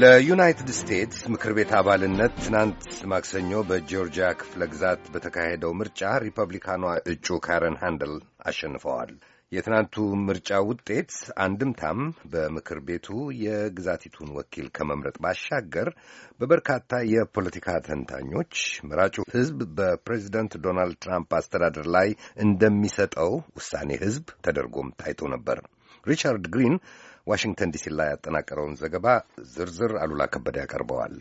ለዩናይትድ ስቴትስ ምክር ቤት አባልነት ትናንት ማክሰኞ በጂዮርጂያ ክፍለ ግዛት በተካሄደው ምርጫ ሪፐብሊካኗ እጩ ካረን ሃንደል አሸንፈዋል። የትናንቱ ምርጫ ውጤት አንድምታም በምክር ቤቱ የግዛቲቱን ወኪል ከመምረጥ ባሻገር በበርካታ የፖለቲካ ተንታኞች መራጩ ሕዝብ በፕሬዚደንት ዶናልድ ትራምፕ አስተዳደር ላይ እንደሚሰጠው ውሳኔ ሕዝብ ተደርጎም ታይቶ ነበር። ሪቻርድ ግሪን ዋሽንግተን ዲሲ ላይ ያጠናቀረውን ዘገባ ዝርዝር አሉላ ከበደ ያቀርበዋል።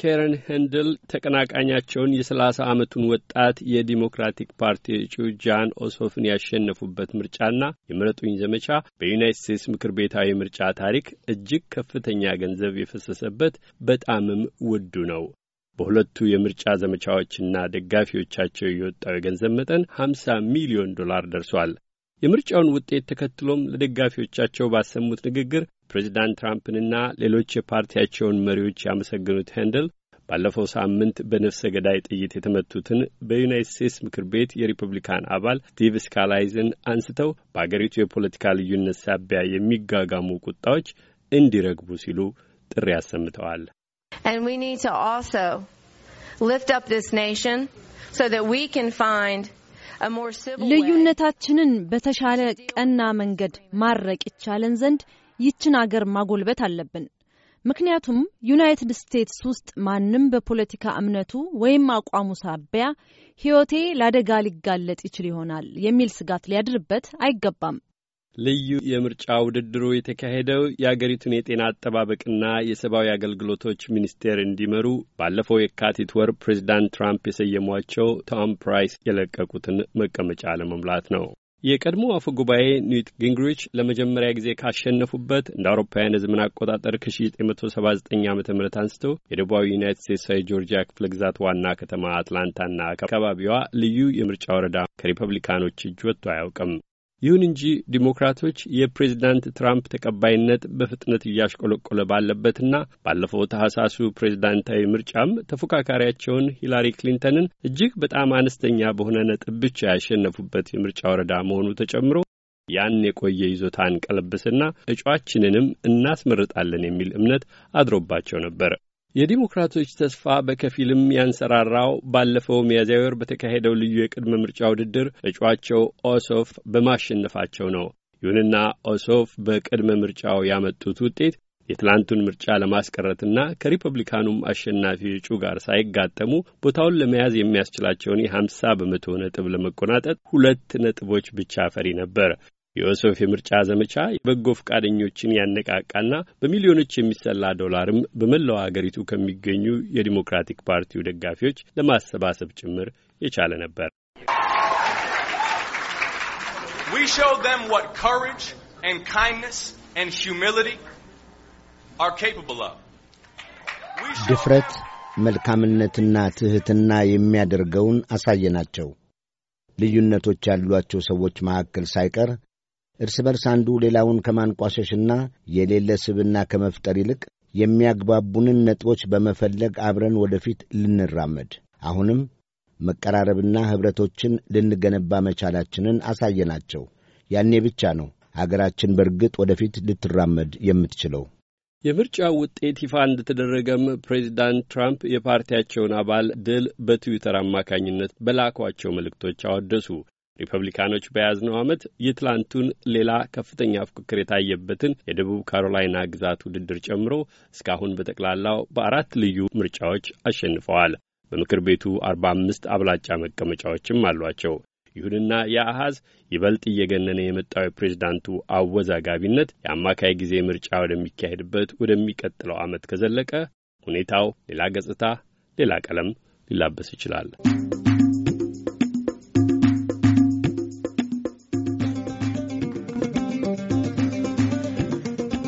ኬረን ሄንድል ተቀናቃኛቸውን የሰላሳ ዓመቱን ወጣት የዲሞክራቲክ ፓርቲ እጩ ጃን ኦሶፍን ያሸነፉበት ምርጫና የምረጡኝ ዘመቻ በዩናይት ስቴትስ ምክር ቤታዊ ምርጫ ታሪክ እጅግ ከፍተኛ ገንዘብ የፈሰሰበት በጣምም ውዱ ነው። በሁለቱ የምርጫ ዘመቻዎችና ደጋፊዎቻቸው የወጣው የገንዘብ መጠን 50 ሚሊዮን ዶላር ደርሷል። የምርጫውን ውጤት ተከትሎም ለደጋፊዎቻቸው ባሰሙት ንግግር ፕሬዚዳንት ትራምፕንና ሌሎች የፓርቲያቸውን መሪዎች ያመሰገኑት ሄንደል ባለፈው ሳምንት በነፍሰ ገዳይ ጥይት የተመቱትን በዩናይት ስቴትስ ምክር ቤት የሪፐብሊካን አባል ስቲቭ ስካላይዝን አንስተው በአገሪቱ የፖለቲካ ልዩነት ሳቢያ የሚጋጋሙ ቁጣዎች እንዲረግቡ ሲሉ ጥሪ አሰምተዋል። And we need to also lift up this nation so that we can find ልዩነታችንን በተሻለ ቀና መንገድ ማረቅ ይቻለን ዘንድ ይችን አገር ማጎልበት አለብን። ምክንያቱም ዩናይትድ ስቴትስ ውስጥ ማንም በፖለቲካ እምነቱ ወይም አቋሙ ሳቢያ ሕይወቴ ለአደጋ ሊጋለጥ ይችል ይሆናል የሚል ስጋት ሊያድርበት አይገባም። ልዩ የምርጫ ውድድሩ የተካሄደው የአገሪቱን የጤና አጠባበቅና የሰብአዊ አገልግሎቶች ሚኒስቴር እንዲመሩ ባለፈው የካቲት ወር ፕሬዚዳንት ትራምፕ የሰየሟቸው ቶም ፕራይስ የለቀቁትን መቀመጫ ለመሙላት ነው። የቀድሞ አፈ ጉባኤ ኒውት ጊንግሪች ለመጀመሪያ ጊዜ ካሸነፉበት እንደ አውሮፓውያን የዘመን አቆጣጠር ከ1979 ዓ ም አንስቶ የደቡባዊ ዩናይትድ ስቴትስ ጆርጂያ ክፍለ ግዛት ዋና ከተማ አትላንታና አካባቢዋ ልዩ የምርጫ ወረዳ ከሪፐብሊካኖች እጅ ወጥቶ አያውቅም። ይሁን እንጂ ዲሞክራቶች የፕሬዚዳንት ትራምፕ ተቀባይነት በፍጥነት እያሽቆለቆለ ባለበትና ባለፈው ታህሳሱ ፕሬዚዳንታዊ ምርጫም ተፎካካሪያቸውን ሂላሪ ክሊንተንን እጅግ በጣም አነስተኛ በሆነ ነጥብ ብቻ ያሸነፉበት የምርጫ ወረዳ መሆኑ ተጨምሮ ያን የቆየ ይዞታ ቀለብስና እጩአችንንም እናስመርጣለን የሚል እምነት አድሮባቸው ነበር። የዲሞክራቶች ተስፋ በከፊልም ያንሰራራው ባለፈው ሚያዝያ ወር በተካሄደው ልዩ የቅድመ ምርጫ ውድድር እጩአቸው ኦሶፍ በማሸነፋቸው ነው። ይሁንና ኦሶፍ በቅድመ ምርጫው ያመጡት ውጤት የትላንቱን ምርጫ ለማስቀረትና ከሪፐብሊካኑም አሸናፊ እጩ ጋር ሳይጋጠሙ ቦታውን ለመያዝ የሚያስችላቸውን የ50 በመቶ ነጥብ ለመቆናጠጥ ሁለት ነጥቦች ብቻ ፈሪ ነበር። የወሶፍ የምርጫ ዘመቻ የበጎ ፈቃደኞችን ያነቃቃና በሚሊዮኖች የሚሰላ ዶላርም በመላው አገሪቱ ከሚገኙ የዲሞክራቲክ ፓርቲው ደጋፊዎች ለማሰባሰብ ጭምር የቻለ ነበር። ድፍረት መልካምነትና ትሕትና የሚያደርገውን አሳየናቸው። ልዩነቶች ያሏቸው ሰዎች መካከል ሳይቀር እርስ በርስ አንዱ ሌላውን ከማንቋሸሽና የሌለ ስብና ከመፍጠር ይልቅ የሚያግባቡንን ነጥቦች በመፈለግ አብረን ወደፊት ልንራመድ አሁንም መቀራረብና ኅብረቶችን ልንገነባ መቻላችንን አሳየናቸው። ያኔ ብቻ ነው አገራችን በእርግጥ ወደፊት ልትራመድ የምትችለው። የምርጫው ውጤት ይፋ እንደተደረገም ፕሬዚዳንት ትራምፕ የፓርቲያቸውን አባል ድል በትዊተር አማካኝነት በላኳቸው መልእክቶች አወደሱ። ሪፐብሊካኖች በያዝነው ዓመት የትላንቱን ሌላ ከፍተኛ ፉክክር የታየበትን የደቡብ ካሮላይና ግዛት ውድድር ጨምሮ እስካሁን በጠቅላላው በአራት ልዩ ምርጫዎች አሸንፈዋል። በምክር ቤቱ አርባ አምስት አብላጫ መቀመጫዎችም አሏቸው። ይሁንና የአሃዝ ይበልጥ እየገነነ የመጣው የፕሬዝዳንቱ አወዛጋቢነት የአማካይ ጊዜ ምርጫ ወደሚካሄድበት ወደሚቀጥለው ዓመት ከዘለቀ ሁኔታው ሌላ ገጽታ፣ ሌላ ቀለም ሊላበስ ይችላል።